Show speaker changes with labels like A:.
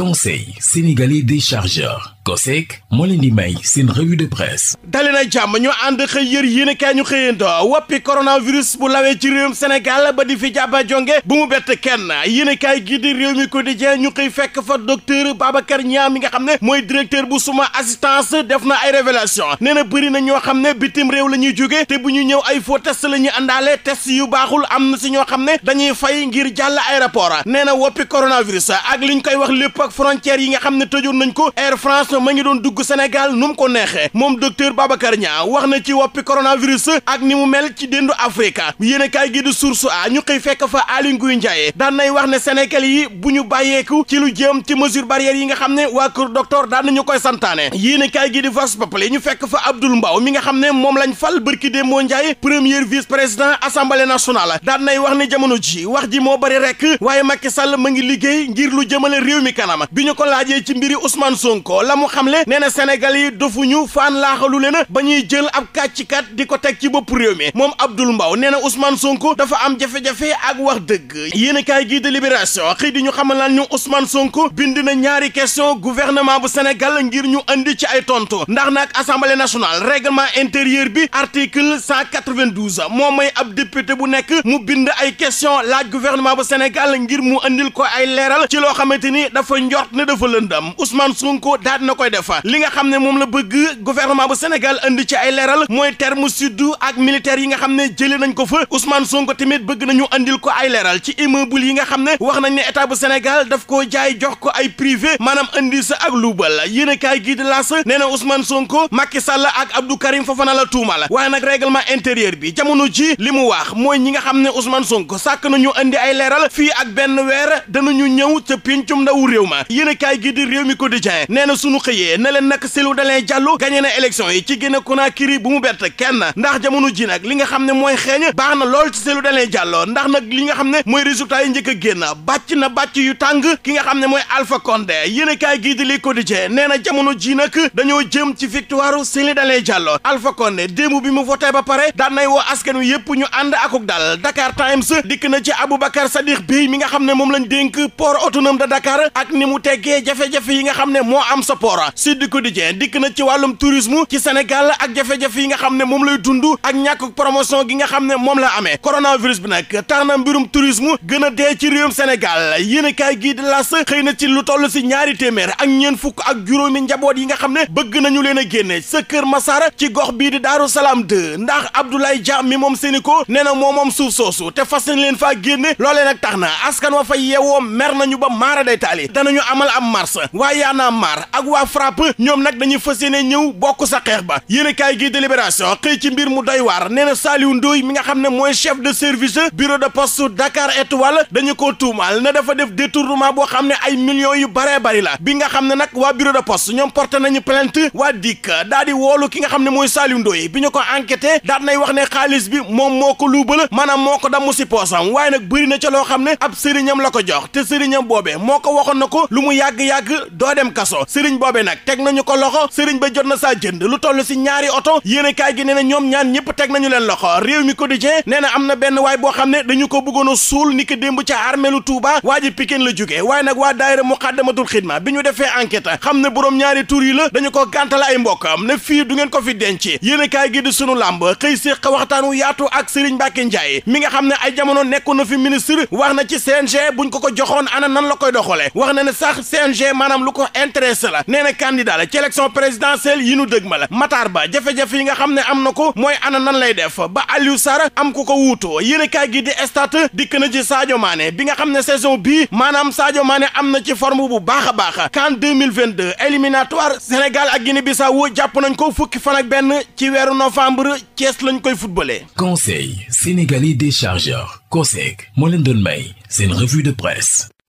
A: conseil sénégalais des chargeurs COSEC moo leen di may seen revue de presse dali na jàmm ñu ànd xëy yër yéen kaay ñu xëyanto woppi coronavirus bu lawee ci réewum ba di fi jàppa jonge bu mu bett kenn yéen kaay gi di réew mi quotidien ñu xëy fekk fa docteur Babacar Niang mi nga xam ne mooy directeur bu suma assistance def na ay révélation nee na bëri na ñoo xam ne bitim réew la ñuy jóge te bu ñu ñëw ay faux test la ñuy àndaale test yu baaxul am na si ñoo xam ne dañuy fay ngir jàll aéroport nee ak yi nga xam ne tëjoon nañ ko Air France ma ngi doon dugg Sénégal nu mu ko neexee moom docteur Babacar Niang wax na ci woppi coronavirus ak ni mu mel ci déndu Afrique yéen a kaay gi di source a ñu xëy fekk fa Aly Ngouille Ndiaye daan nay wax ne Sénégal yi bu ñu bàyyeeku ci lu jëm ci mesure barrière yi nga xam ne waa kër docteur daan nañu koy santaane yéen a kaay gi di Vox Populi ñu fekk fa Abdoul Mbaw mi nga xam ne moom lañ fal bërki dee moo Ndiaye premier vice président assemblée nationale daan nay wax ne jamono ji wax ji moo bëri rek waaye Macky Sall ma ngi liggéey ngir lu jëmale réew kanam bi ñu ko laajee ci mbiri Ousmane Sonko la mu xamle nee na Sénégal yi dofuñu faan laaxalu leen ba ñuy jël ab kàccikat di ko teg ci bopp réew mi moom Abdoul Mbaw nee na Ousmane Sonko dafa am jafe-jafe ak wax dëgg yéenekaay gi de Libération xëy di ñu xamal lan ñu Ousmane Sonko bind na ñaari question gouvernement bu senegal ngir ñu andi ci ay tonto ndax nag Assemblée nationale règlement intérieur bi article 192 moo may ab député bu nekk mu bind ay question laaj gouvernement bu Sénégal ngir mu andil ko ay leeral ci loo xamante rafetlu njort ne dafa lëndam Ousmane Sonko daal na koy def li nga xam ne moom la bëgg gouvernement bu Sénégal indi ci ay leeral mooy terme sud ak militaire yi nga xam ne jëlee nañ ko fa Ousmane Sonko tamit bëgg nañu andil ko ay leeral ci immeuble yi nga xam ne wax nañ ne état bu Sénégal daf ko jaay jox ko ay privé maanaam indi sa ak luubal yéen a kaay gii di laas nee na Ousmane Sonko Macky Sall ak Abdou Karim Fofana la tuumal waaye nag règlement intérieur bi jamono ji li mu wax mooy ñi nga xam ne Ousmane Sonko sàkk nañu indi ay leeral fii ak benn weer danañu ñëw ca pincum ndaw réew ma yéen kaay gi di réew mi quotidien nee na sunu xëyee ne leen nag Cellou Dalein Diallo gañe na élection yi ci Guinée Conakry bu mu bett kenn ndax jamono ji nag li nga xam ne mooy xeeñ baax na lool ci Cellou Dalein Diallo ndax na li nga xam ne mooy résultat yi njëkk a génn bàcc na bàcc yu tàng ki nga xam ne mooy Alpha Condé yéen kaay gi di li quotidien nee na jamono ji nag dañoo jëm ci victoire Cellou Dalein Diallo Alpha Condé démb bi mu voté ba pare daan nay woo askan wi yëpp ñu ànd akuk dal Dakar Times dikk na ci Aboubacar Sadikh Bèye mi nga xam ne moom lañ dénk port autonome de Dakar ak ni mu teggee jafe-jafe yi nga xam ne moo am sa poora di Quotidien dikk na ci wàllum tourisme ci Sénégal ak jafe-jafe yi nga xam ne moom lay dund ak ñàkk promotion gi nga xam ne moom la amee coronavirus bi nag tax na mbirum tourisme gën a dee ci réewum Sénégal yéen kaay gii di las xëy na ci lu toll si ñaari téeméer ak ñeen fukk ak juróomi njaboot yi nga xam ne bëgg nañu leen a génne sa Kër Massar ci gox bii di Daaru Salaam 2 ndax Abdoulaye Dia mi moom seeni ko nee na moo moom suuf soosu te fas nañ leen faa génne loolee nag tax na askan wa fa yeewoo mer nañu ba maara day nañu amal am mars waa yaana mar ak waa frapp ñoom nag dañuy fas yéene ñëw bokk sa xeex ba yéen a kaay gi délibération xëy ci mbir mu doy waar nee na Saliou Ndoye mi nga xam ne mooy chef de service bureau de poste Dakar Étoile dañu ko tuumaal na dafa def détournement boo xam ne ay millions yu baree bari la bi nga xam ne nag waa bureau de post ñoom porté nañu plainte waa dikk daal di woolu ki nga xam ne mooy Saliou Ndoye bi ñu ko enquêté daal nay wax ne xaalis bi moom moo ko luubal maanaam moo ko damu si poosam waaye nag bëri na ca loo xam ne ab sëriñam la ko jox te sëriñam boobee moo kooku lu mu yàgg-yàgg doo dem kaso sëriñ boobe nag teg nañu ko loxo sëriñ ba jot na saa jënd lu toll si ñaari oto yéene kaay gi nee na ñoom ñaan ñëpp teg nañu leen loxo réew mi quotidien nee na am na benn waay boo xam ne dañu ko bëggoon a suul ni ki démb ca armeelu Touba waa ji Pikine la jógee waaye nag waa daayira muqaddamatul xidma bi ñu defee enquête xam ne boroom ñaari tur yi la dañu ko gàntala ay am ne fii du ngeen ko fi denc yéene kaay gi di sunu làmb xëy séq waxtaan wu yaatu ak sëriñ Mbàkke Njaay mi nga xam ne ay jamono nekkoon na fi ministre wax na ci CNG buñ ko ko joxoon ana nan la koy doxale lenn sax CNG maanaam lu ko intéressé la nee na candidat la ci élection présidentielle yi nu dëgmal Ba jafe-jafe yi nga xam ne am na ko mooy ana nan lay def ba Aliou Sarr am ko ko wuutoo yéen a kaay gi di stade dikk na ci Sadio Mané bi nga xam ne saison bii maanaam Sadio Mané am na ci forme bu baax a baax CAN 2022 éliminatoire Sénégal ak Guinée-Bissau jàpp nañ ko fukki fan ak benn ci weer novembre Thiès lañ koy footballé. Conseil sénégalais des chargeurs COSEC moo leen doon may seen revue de presse.